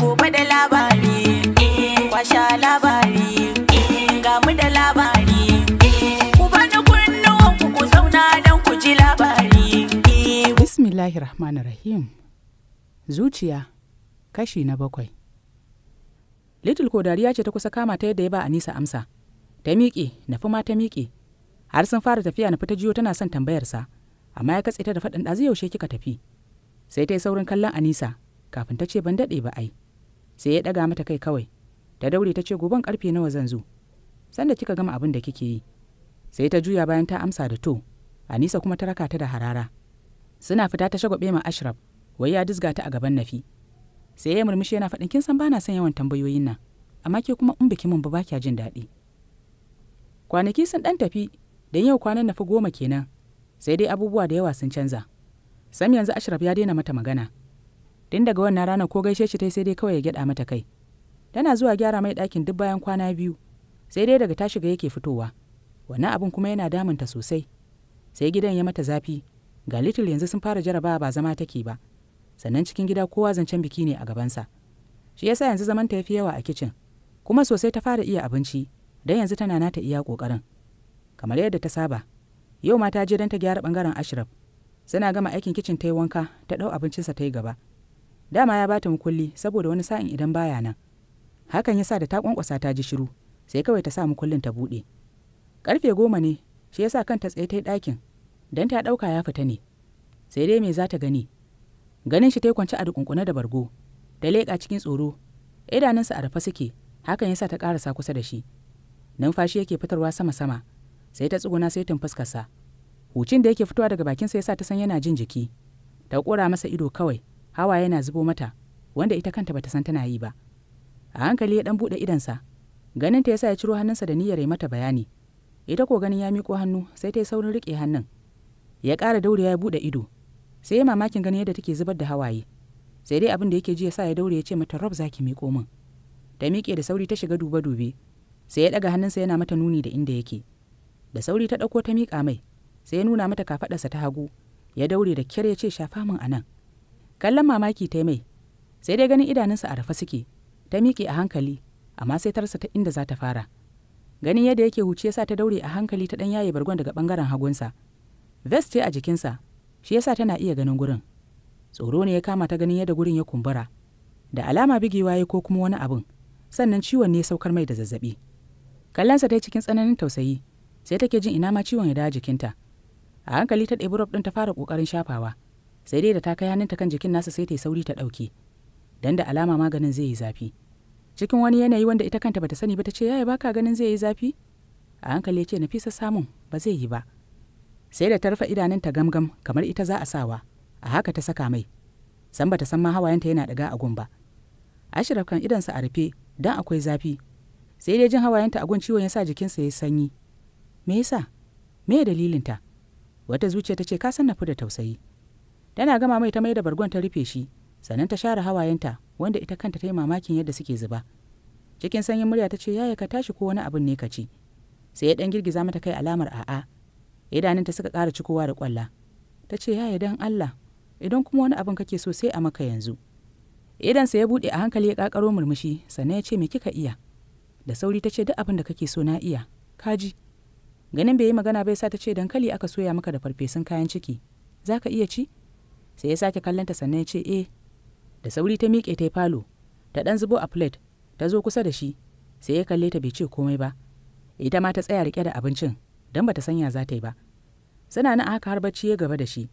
Gobe da labari, eh, kwasha labari, eh, gamu da labari. Eh, ku bani kunnuwan ku zauna don ku ji labari. Bismillahir Rahmanir Rahim. Zuciya kashi na bakwai. Little ko dariya ce ta kusa kama ta yadda ya ba Anisa amsa. Ta miƙe, nafi ma ta miƙe. Har sun fara tafiya na fita jiyo tana son tambayarsa, amma ya katse ta da faɗin ɗazu yaushe kika tafi. Sai ta yi saurin kallon Anisa, kafin ta ce ban daɗe ba ai sai ya ɗaga mata kai kawai ta daure ta ce goben ƙarfe nawa zan zo sanda kika gama abin da kike yi sai ta juya bayan ta amsa da to anisa kuma ta raka ta da harara suna fita ta shagwabe ma ashraf wai ya dizga ta a gaban nafi sai ya murmushi yana faɗin kin san bana son yawan tambayoyin nan amma ke kuma in biki mun ba kya jin daɗi kwanaki sun ɗan tafi don yau kwanan nafi goma kenan sai dai abubuwa da yawa sun canza sam yanzu ashraf ya daina mata magana Dun daga wannan ranar ko gaishe shi ta sai dai kawai ya gyada mata kai tana zuwa gyara mai ɗakin duk bayan kwana biyu sai dai daga ta shiga yake fitowa wannan abin kuma yana damunta sosai sai gidan ya mata zafi ga little yanzu sun fara jarabawa ba zama take ba sannan cikin gida kowa zancen biki ne a gabansa shi yasa yanzu zaman ta yafi yawa a kicin kuma sosai ta fara iya abinci dan yanzu tana nata iya kokarin kamar yadda ta saba yau ma ta je dan ta gyara bangaren ashraf suna gama aikin kicin ta yi wanka ta ɗau abincinsa ta yi gaba dama ya bata mukulli saboda wani sa'in idan baya nan hakan yasa da ta kwankwasa ta ji shiru sai kawai ta sa mukullin ta buɗe karfe goma ne shi yasa kanta tsaye ta yi ɗakin don ta ɗauka ya fita ne sai dai me za ta gani ganin shi ta kwance a dukunkuna da bargo ta leƙa cikin tsoro idanunsa a rafa suke hakan yasa ta sa kusa da shi numfashi yake fitarwa sama-sama sai ta tsuguna sai tun fuskarsa hucin da yake fitowa daga bakinsa yasa ta san yana jin jiki ta kura masa ido kawai hawa yana zubo mata wanda ita kanta bata san tana yi ba a hankali ya dan bude idansa ganin ta yasa ya ciro hannunsa da niyyar yi mata bayani ita ko ganin ya miko hannu sai ta yi saurin rike hannun ya ƙara daure ya bude ido sai ya mamakin ganin yadda take zubar da hawaye sai dai abin da yake ji ya sa ya daure ya ce mata rob zaki miko min ta miƙe da sauri ta shiga duba dube sai ya ɗaga hannunsa yana mata nuni da inda yake da sauri ta ɗauko ta miƙa mai sai ya nuna mata kafaɗarsa ta hagu ya daure da kyar ya ce shafa min a nan kallon mamaki ta mai sai dai ganin idanunsa a rafa suke ta miƙe a hankali amma sai tarsa ta inda za ta fara ganin yadda yake huce sa ta daure a hankali ta ɗan yaye bargon daga ɓangaren hagunsa vest ce a jikinsa shi yasa tana iya ganin gurin tsoro ne ya kama ta ganin yadda gurin ya kumbura da alama bigewa ya ko kuma wani abin sannan ciwon ne saukar mai da zazzabi kallonsa ta cikin tsananin tausayi sai take jin ina ma ciwon ya dawo jikinta a hankali ta ɗebi rob ɗin ta fara ƙoƙarin shafawa sai dai da ta kai hannunta kan jikin nasa sai ta yi sauri ta ɗauke dan da alama maganin zai yi zafi cikin wani yanayi wanda ita kanta bata sani ba ta ce yaya baka ganin zai yi zafi a hankali ya ce nafisa samun ba zai yi ba sai da ta rufe idanunta gamgam kamar ita za a sawa a haka ta saka mai san bata san ma hawayenta yana daga a ba ashraf kan idansa a rufe dan akwai zafi sai dai jin hawayenta a gun ciwon ya sa jikinsa ya sanyi me yasa me dalilinta wata zuciya ta ce ka san na fi da tausayi tana gama mai ta mai da bargon ta rufe shi sannan ta share hawayenta wanda ita kanta ta yi mamakin yadda suke zuba cikin sanyin murya ta ce yaya ka tashi ko wani abin ne ka ci sai ya dan girgiza mata kai alamar a'a ta suka ƙara cikowa da ƙwalla ta ce yaya dan Allah idan kuma wani abin kake so sai a maka yanzu Idan sa ya bude a hankali ya kakaro murmushi sannan ya ce me kika iya da sauri ta ce duk abin da kake so na iya kaji ganin bai yi magana bai sa ta ce dankali aka soya maka da farfesun kayan ciki za ka iya ci sai ya sake kallonta sannan ya ce eh da sauri ta miƙe ta falo ta ɗan zubo a plate ta zo kusa da shi sai ya kalle ta bai ce komai ba ita ma ta tsaya rike da abincin don bata sanya za ta yi ba suna nan haka har bacci ya gaba da shi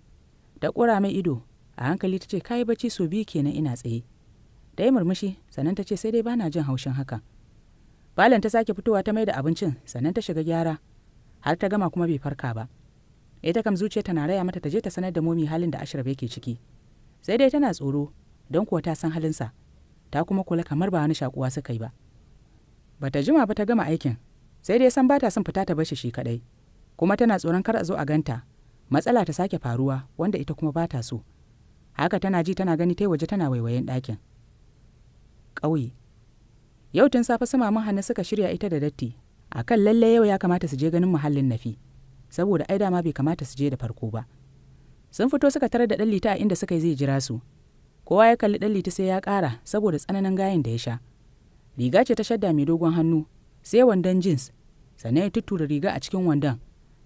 ta ƙura mai ido a hankali ta ce kayi bacci so biyu kenan ina tsaye ta yi murmushi sannan ta ce sai dai bana jin haushin haka falon ta sake fitowa ta mai da abincin sannan ta shiga gyara har ta gama kuma bai farka ba ita kam zuciya tana raya mata ta je ta sanar da momi halin da ashraf yake ciki sai dai tana tsoro don kuwa ta san halinsa ta kuma kula kamar ba wani shakuwa suka yi ba bata jima ba ta gama aikin sai dai san bata son fita ta bashi shi kadai kuma tana tsoron kar a zo a ganta matsala ta sake faruwa wanda ita kuma bata so haka tana ji tana gani ta waje tana waiwayen ɗakin ƙauye yau tun safe su maman hannu suka shirya ita da datti akan lalle yau ya kamata su je ganin muhallin nafi saboda ai dama bai kamata su je da farko ba sun fito suka tarar da ɗanlita a inda suka yi zai jira su kowa ya kalli lita sai ya ƙara saboda tsananin gayin da ya sha riga ce ta shadda mai dogon hannu sai wandon jeans sannan ya tuttura riga a cikin wandon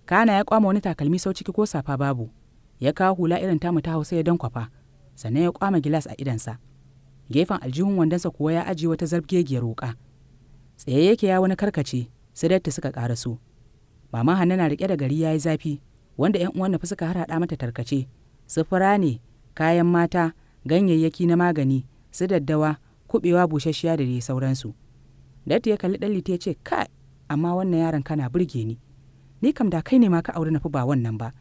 kana ya kwama wani takalmi sau ciki ko safa babu ya kawo hula irin tamu ta hausa ya dankwafa sannan ya kwama gilas a idansa gefen aljihun wandonsa kuwa ya ajiye wata zargegiyar wuka tsaye yake ya wani karkace sai datta suka ƙaraso. su mama hanna na rike da gari ya yi zafi wanda 'yan uwan nufi suka harhaɗa mata tarkace sufura ne kayan mata ganyayyaki na magani su daddawa kuɓewa busasshiya da dai sauransu datti ya kalli ɗalli ta ce kai amma wannan yaron kana burge ni ni kam da kai ne ma ka aure nafi ba wannan ba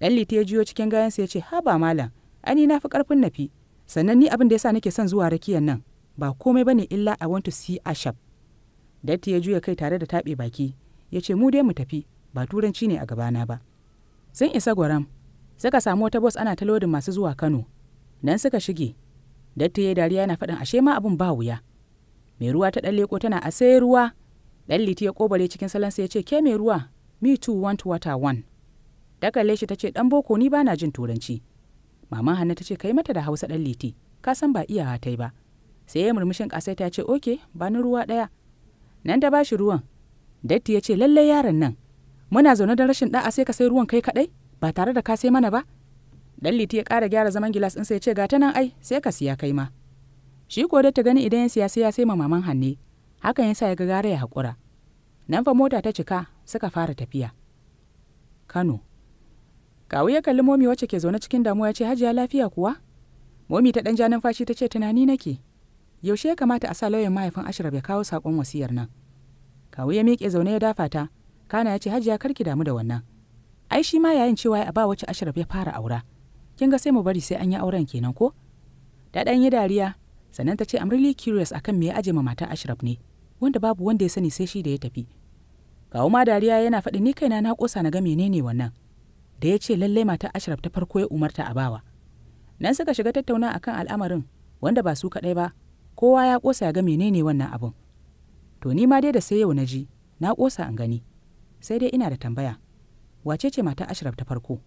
ɗalli ta jiyo cikin gayansa ya ce ha ba malam ani na fi ƙarfin nafi sannan ni abin da sa nake son zuwa rakiyan nan ba komai ba ne illa i want to see ashab datti ya juya kai tare da taɓe baki ya ce mu dai mu tafi ba turanci ne a gabana ba sun isa gwaram suka samu wata bos ana ta lodin masu zuwa kano nan suka shige datti dariya yana faɗin ashe ma abin ba wuya mai ruwa ta ɗan leko tana a sai ruwa ɗan liti ya ƙobare cikin salansa ya ce ke mai ruwa me too want water one ta kalle shi ta ce ɗan boko ni bana jin turanci maman hannu ta ce kai mata da hausa ɗan liti ka san ba iyawa ta yi ba sai ya murmushin ƙasaita ta ce oke ba ni ruwa ɗaya nan ta bashi ruwan datti ya ce lallai yaron nan muna zaune don rashin da'a sai ka sai ruwan kai kadai ba tare da ka sai mana ba dan ya kara gyara zaman gilas ɗinsa ya ce ga ta nan ai sai ka siya kai ma shi ko da ta gani idan ya siya sai ya sai ma maman hanne hakan ya sa ya ga gara ya haƙura nan fa mota ta cika suka fara tafiya kano kawu ya kalli momi wacce ke zaune cikin damuwa ya ce hajiya lafiya kuwa momi ta ɗan ja fashi ta ce tunani nake yaushe ya kamata a sa lauyan mahaifin ashraf ya kawo saƙon wasiyar nan kawu ya miƙe zaune ya dafa ta kana ya ce hajiya kar ki damu da wannan ai shi ma yayin cewa a ba wacce ashraf ya fara aura kin ga sai mu bari sai an yi auren kenan ko da ɗan yi dariya sannan ta ce I'm really curious akan me ya aje ma mata ashraf ne wanda babu wanda ya sani sai shi da ya tafi kawu ma dariya yana faɗi ni kaina na kosa na ga menene wannan da ya ce lallai mata ashraf ta farko ya umarta a bawa nan suka shiga tattauna akan al'amarin wanda ba su kaɗai ba kowa ya kosa ya ga menene wannan abun to ni ma dai da sai yau na ji na ƙosa an gani sai dai ina da tambaya wace ce mata ashraf ta farko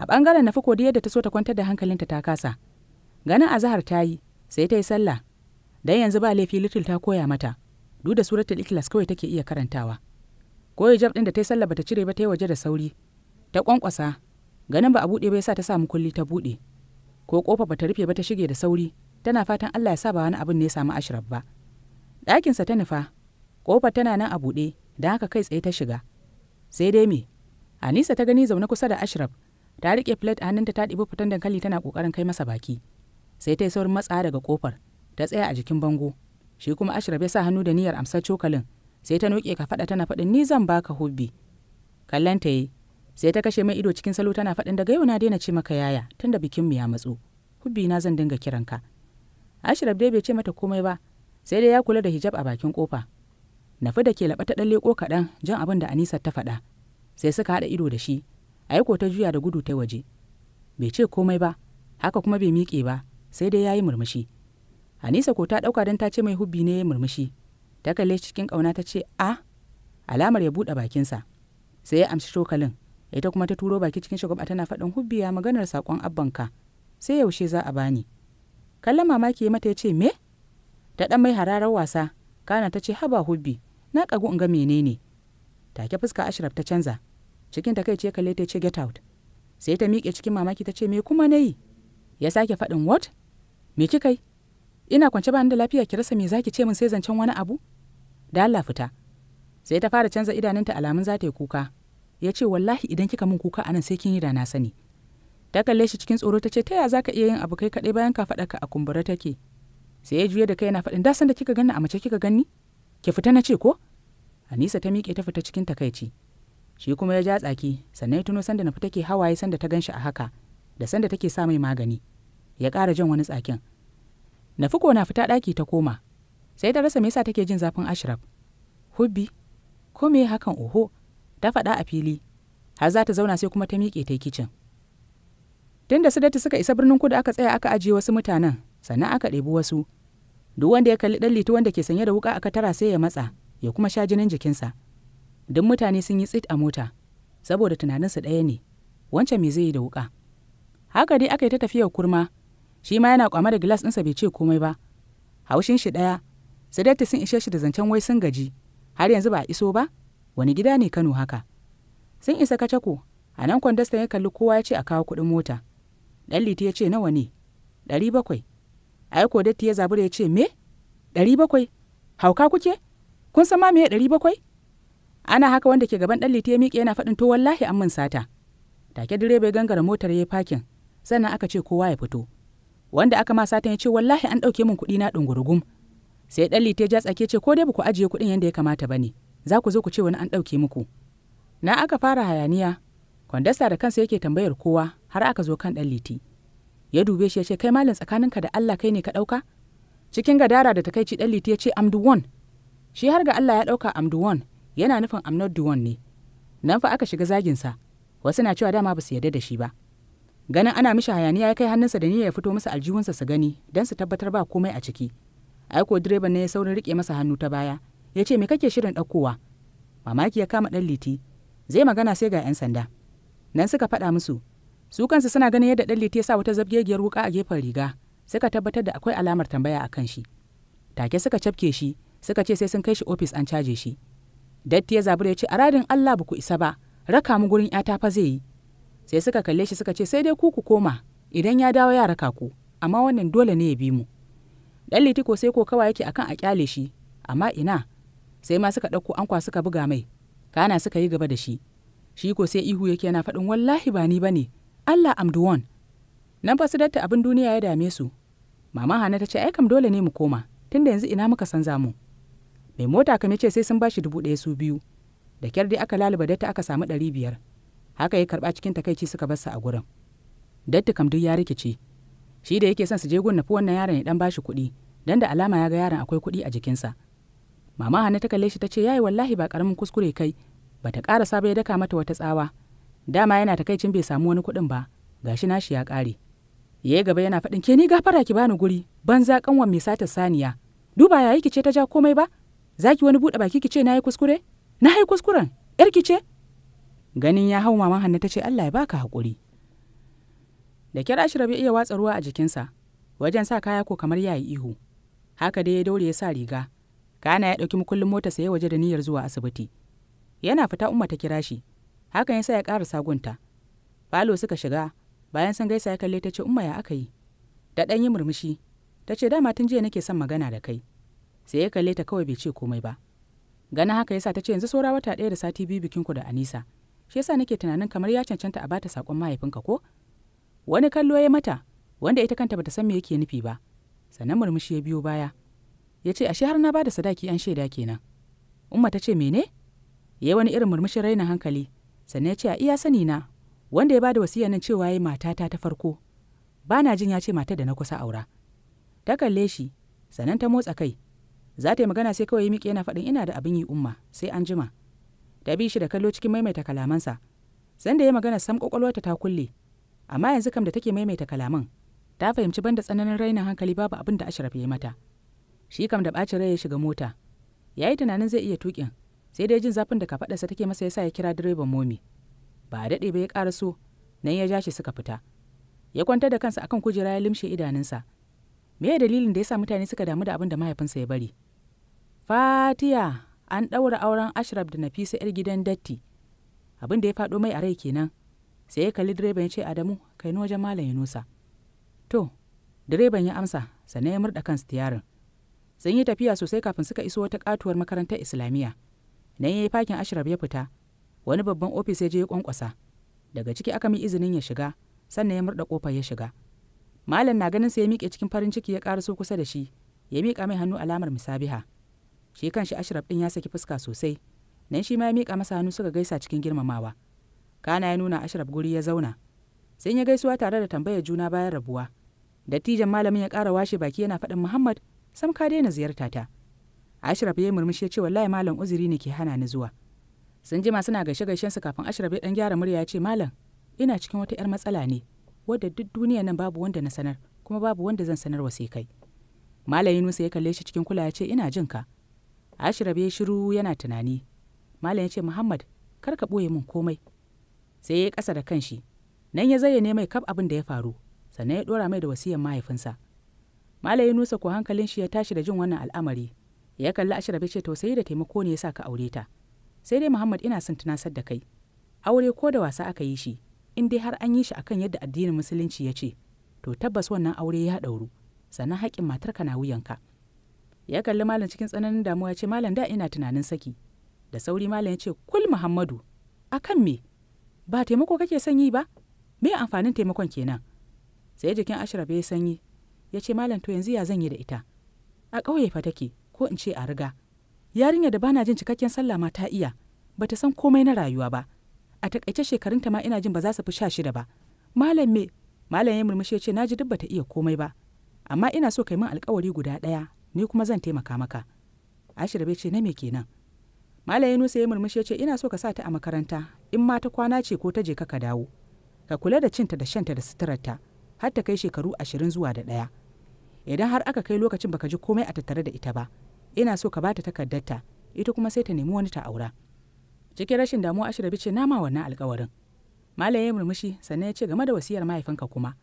a ɓangaren na fi kodiyar yadda ta so ta kwantar da hankalinta ta kasa ganin azahar ta yi sai ta yi sallah dan yanzu ba laifi little ta koya mata duk da suratul ikhlas kawai take iya karantawa ko hijab din da ta yi sallah bata cire ba ta yi waje da sauri ta kwankwasa ganin ba a buɗe ba yasa ta samu kulli ta buɗe ko kofa bata rufe ba ta shige da sauri tana fatan Allah ya sa ba wani abin ne ya samu ashraf ba ɗakinsa ta nufa ƙofar tana nan a buɗe da haka kai tsaye ta shiga sai dai me anisa ta gani zaune kusa da ashraf ta riƙe plate a hannunta ta ɗibi fitan dankali tana ƙoƙarin kai masa baki sai ta yi saurin matsa daga ƙofar ta tsaya a jikin bango shi kuma ashraf ya sa hannu da niyyar amsar cokalin sai ta noke ka faɗa tana faɗin ni zan baka hubbi kallon ta yi sai ta kashe mai ido cikin salo tana faɗin daga yau na daina ce maka yaya tunda bikinmu ya matso hubbi na zan dinga kiranka ashraf dai bai ce mata komai ba sai dai ya kula da hijab a bakin kofa nafi da ke laɓa ta ɗan leƙo kaɗan jan abin da anisa ta faɗa sai suka haɗa ido da shi aiko ta juya da gudu ta waje bai ce komai ba haka kuma bai miƙe ba sai dai ya yi murmushi anisa ko ta ɗauka don ta ce mai hubbi ne ya murmushi ta kalle cikin ƙauna ta ce a ah! alamar ya buɗe bakinsa sai ya amshi cokalin ita kuma ta turo baki cikin shagwaba tana faɗin hubbiya maganar saƙon abbanka sai yaushe za a bani kallon mamaki ya mata ya ce me ta ɗan mai hararar wasa kana ta ce haba hubbi na kagu in ga menene take fuska ashraf ta canza cikin ta kai ce kalle ta ce get out sai ta miƙe cikin mamaki ta ce me kuma na yi ya sake faɗin what me kika yi ina kwance ba da lafiya ki rasa me zaki ce min sai zancen wani abu da Allah fita sai ta fara canza idanunta alamun za ta yi kuka ya ce wallahi idan kika min kuka anan sai kin yi da na sani ta kalle shi cikin tsoro ta ce ta ya za ka iya yin abu kai kaɗai bayan ka faɗa ka a kumbura take sai ya juya da kai yana faɗin da san da kika ganni a mace kika gani ke fita na ce ko anisa ta miƙe ta fita cikin takaici shi kuma ya ja tsaki sannan ya tuno sanda na fita ke hawaye sanda ta ganshi a haka da sanda take sa mai magani ya ƙara jan wani tsakin na fuko na fita ɗaki ta koma sai ta rasa me yasa take jin zafin ashraf hubbi ko me hakan oho ta faɗa a fili har za ta zauna sai kuma ta miƙe ta kicin tun da sadatu suka isa birnin kudu aka tsaya aka ajiye wasu mutanen sannan aka ɗebi wasu duk wanda ya kalli ɗan wanda ke sanye da wuka a katara sai ya matsa ya kuma sha jinin jikinsa duk mutane sun yi tsit a mota saboda tunaninsu ɗaya ne wancan me zai yi da wuƙa. haka dai aka yi ta tafiyar kurma shi ma yana kwama da gilas ɗinsa bai ce komai ba haushin shi ɗaya datti sun ishe shi da zancen wai sun gaji har yanzu ba a iso ba wani gida ne kano haka sun isa kacako a nan kwandastan ya kalli kowa ya ce a kawo kuɗin mota ɗan liti ya ce nawa ne ɗari bakwai a ko datti ya zabi da ya ce me ɗari bakwai hauka kuke kun san ma me ɗari bakwai ana haka wanda ke gaban ɗan liti ya miƙe yana faɗin to wallahi an min sata take direba ya gangara motar ya yi fakin sannan aka ce kowa ya fito wanda aka ma satan ya ce wallahi an ɗauke min kuɗi na ɗungurugum sai ɗan liti ya ja tsake ce ko dai baku ajiye kuɗin yadda ya kamata ba ne za ku zo ku ce wani an ɗauke muku na aka fara hayaniya kwandasta da kansa yake tambayar kowa har aka zo kan ɗan liti ya dube shi ya ce kai malam tsakaninka da Allah kai ne ka ɗauka cikin gadara da takaici dan liti ya ce am the one shi har ga Allah ya ɗauka am the one yana nufin am not the one ne nan fa aka shiga zaginsa wasu na cewa dama ba su yarda da shi ba ganin ana mishi hayaniya ya kai hannunsa da niyya ya fito masa aljihunsa su gani don su tabbatar ba komai a ciki aiko direban ne ya saurin rike masa hannu ta baya ya ce me kake shirin ɗaukowa mamaki ya kama ɗan liti zai magana sai ga 'yan sanda nan suka faɗa musu su kansu suna ganin yadda ɗan ya sa wata zabgegiyar wuka a gefen riga suka tabbatar da akwai alamar tambaya a kan shi take suka cafke shi suka ce sai sun kai shi ofis an caje shi datti ya zabura ya ce a radin allah ba ku isa ba raka mu gurin yata fa zai yi sai suka kalle shi suka ce sai dai ku ku koma idan ya dawo yara kaku amma wannan dole ne ya bi mu dan litiko sai ko kawa yake akan a kyale shi amma ina sai ma suka ɗauko ankwa suka buga mai kana suka yi gaba da shi shi ko sai ihu yake yana faɗin wallahi ba ni ba ne Allah Amduwan. Nan fa su datta abin duniya ya dame su. Mama Hana ta ce ai kam dole ne mu koma tunda yanzu ina muka san zamu. Mai mota kam ya ce sai sun bashi dubu ɗaya su biyu. Da kyar dai aka laluba datta aka samu ɗari biyar. Haka ya karɓa cikin takaici suka bar sa a gurin. Datta kam duk ya rikice. Shi da yake son su je gunna fi wannan yaron ya dan bashi kuɗi dan da alama ya ga yaron akwai kuɗi a jikinsa. Mama Hana ta kalle shi ta ce yayi wallahi ba ƙaramin kuskure kai bata ƙara sabo ya daka mata wata tsawa dama yana takaicin bai samu wani kuɗin ba ga gashi nashi ya ƙare yayi gaba yana faɗin ke ni gafara ki bani guri banza kanwan mai satar saniya duba yayi kice ta ja komai ba zaki wani buɗe baki ki ce kuskure na hai kuskuren yar kice ganin ya hau maman hannu tace ce Allah ya baka haƙuri da shi rabi iya watsa ruwa a jikinsa wajen sa kaya ko kamar yayi ihu haka dai ya daure ya sa riga kana ya ɗauki mukullin mota ya waje da niyyar zuwa asibiti yana fita umma ta kira shi hakan ya sa ya ƙara sagunta falo suka shiga bayan sun gaisa ya kalle ta ce umma ya aka yi da ɗan yi murmushi ta ce dama tun jiya nake son magana da kai sai ya kalle ta kawai bai ce komai ba gana haka yasa ta ce yanzu saura wata ɗaya da sati biyu bikinku da anisa shi yasa nake tunanin kamar ya cancanta a bata saƙon mahaifinka ko wani kallo ya mata wanda ita kanta bata san me yake nufi ba sannan murmushi ya biyo baya ya ce ashe har na bada sadaki an shaida kenan umma ta ce mene ya wani irin murmushin raina hankali sannan ya ce a iya sani na wanda ya bada wasiyar nan cewa ya matata ta farko ba na jin ya ce mata da na kusa aura ta kalle shi sannan ta motsa kai za ta yi magana sai kawai ya miƙe yana faɗin ina da abin yi umma sai an jima ta bi shi da kallo cikin maimaita kalamansa sanda ya magana sam kwakwalwarta ta kulle amma yanzu kam da take maimaita kalaman ta fahimci banda tsananin rainin hankali babu abin da ashraf ya mata shi kam da bacin rai ya shiga mota ya yi tunanin zai iya tuƙin sai dai jin zafin da kafaɗarsa take masa yasa ya kira direban momi ba a daɗe ba ya ƙara so nan ya ja shi suka fita ya kwantar da kansa akan kujera ya limshe idanunsa me ya dalilin da ya sa mutane suka damu da abin da mahaifinsa ya bari fatiya an ɗaura auren ashraf da nafisa yar gidan datti abin da ya faɗo mai a rai kenan sai ya kalli direban ya ce adamu kai ni wajen malam yunusa to direban ya amsa sannan ya murɗa kansa tiyarin sun yi tafiya sosai kafin suka iso wata katuwar makarantar islamiyya nan ya yi fakin ashraf ya fita wani babban ofis ya je ya kwankwasa daga ciki aka mi izinin ya shiga sannan ya murda kofar ya shiga malam na ganin sa ya miƙe cikin farin ciki ya karaso kusa da shi ya miƙa mai hannu alamar misabiha shi kanshi ashraf ɗin ya saki fuska sosai nan shi ma ya miƙa masa hannu suka gaisa cikin girmamawa kana ya nuna ashraf guri ya zauna sai ya gaisuwa tare da tambayar juna bayan rabuwa dattijan malamin ya ƙara washe baki yana faɗin muhammad sam ka daina ziyarta ta Ashraf ya yi murmushi ya ce wallahi malam uzuri ne ke hana ni zuwa. Sun jima suna gaishe gaishen su kafin Ashraf ya dan gyara murya ya ce malam ina cikin wata yar matsala ne wadda duk duniya nan babu wanda na sanar kuma babu wanda zan sanar wa sai kai. Malam Yunusa ya kalle shi cikin kula ya ce ina jin ka. Ashraf ya shiru yana tunani. Malam ya ce Muhammad kar ka boye min komai. Sai ya kasa da kanshi. Nan ya zayyane mai kaf abin da ya faru sannan ya ɗora mai da wasiyar mahaifinsa. Malam Yunusa ko hankalin shi ya tashi da jin wannan al'amari ya kalli ashirar ya ce to sai da taimako ne ya sa ka aure ta sai dai muhammad ina son tunasar da kai aure ko da wasa aka yi shi in dai har an yi shi akan yadda addinin musulunci ya ce to tabbas wannan aure ya ɗauru sannan haƙƙin matarka na ka. ya kalli malam cikin tsananin damuwa ce malam da ina tunanin saki da sauri malam ya ce kul muhammadu akan me ba taimako kake son yi ba me amfanin taimakon kenan sai jikin ashirabe ya sanyi ya ce malam to yanzu ya zan yi da ita a ƙauye fa take ko in ce a riga yarinya da bana jin cikakken sallah ma ta iya bata san komai na rayuwa ba a takaice shekarunta ma ina jin ba za su fi sha shida ba malam me malam ya murmushi ya ce ji duk bata iya komai ba amma ina so kai min alkawari guda ɗaya ni kuma zan taimaka maka ashir bai ce na me kenan malam ya nusa ya murmushi ya ce ina so ka sa ta a makaranta in ma ta kwana ce ko ta je ka ka dawo ka kula da cinta da shanta da suturarta har ta kai shekaru ashirin zuwa da ɗaya idan har aka kai lokacin baka ji komai a tattare da ita ba ina so ka bata takardarta ita kuma sai ta nemi wani ta aura cikin rashin damuwa ashirabi ce nama wannan alkawarin malam ya murmushi sannan ya ce game da wasiyar mahaifinka kuma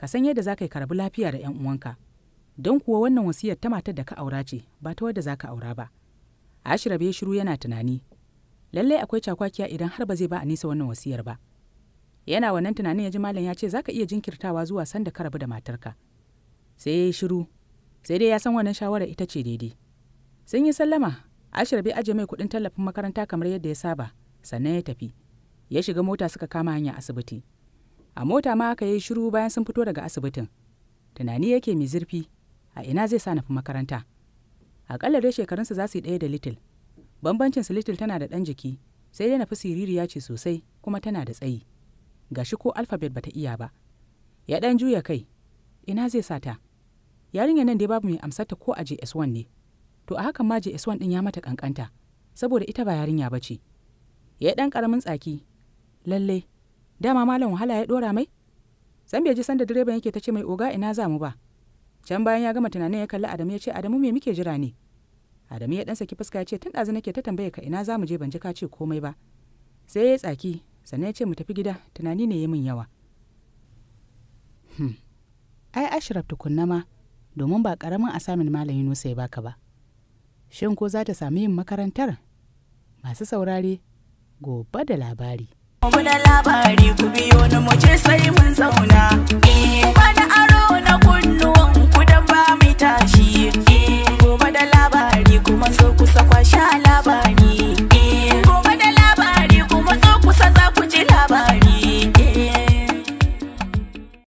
ka san yadda za ka yi karabi lafiya da 'yan uwanka don kuwa wannan wasiyar ta matar da ka aura ce ba ta wadda za ka aura ba ashirabi ya shiru yana tunani lallai akwai cakwakiya idan har ba zai ba a nisa wannan wasiyar ba yana wannan tunanin ya ji malam ya ce za ka iya jinkirtawa zuwa sanda ka rabu da matarka sai ya yi shiru sai dai ya san wannan shawarar ita ce daidai sun yi sallama ashir bai ajiye mai kuɗin tallafin makaranta kamar yadda ya saba sannan ya tafi ya shiga mota suka kama hanya asibiti a mota ma aka yi shiru bayan sun fito daga asibitin tunani yake mai zurfi a ina zai sa nafi makaranta aƙalla dai shekarunsa za su yi ɗaya da little bambancinsu little tana da ɗan jiki sai dai nafi siririya ce sosai kuma tana da tsayi Ga shi ko alfabet bata iya ba ya ɗan juya kai ina zai sa sata yarinyar nan dai babu mai amsata ko a js1 ne to a hakan ma js1 ɗin ya mata ƙanƙanta saboda ita ba yarinya ba ce ya yi ɗan ƙaramin tsaki lalle dama malam wahala ya ɗora mai san bai ji sanda direban yake ta ce mai oga ina za mu ba can bayan ya gama tunanin ya kalli adamu ya ce adamu me muke jira ne adamu ya dan saki fuska ya ce tun ɗazu nake ta tambaye ka ina za mu je ban ji ka ce komai ba sai ya tsaki sannan ya ce mu tafi gida tunani ne ya min yawa hmm. ai ashraf tukunna ma domin ba karamin asamin malam yunusa ya baka ba shin ko za ta sami yin makarantar masu saurare gobe da labari muna labari ku biyo na muje sai mun zauna eh aro na kunnuwan ku da ba mai tashi eh gobe da labari kuma so kusa kwasha labari eh, gobe da labari kuma so kusa za ku ji labari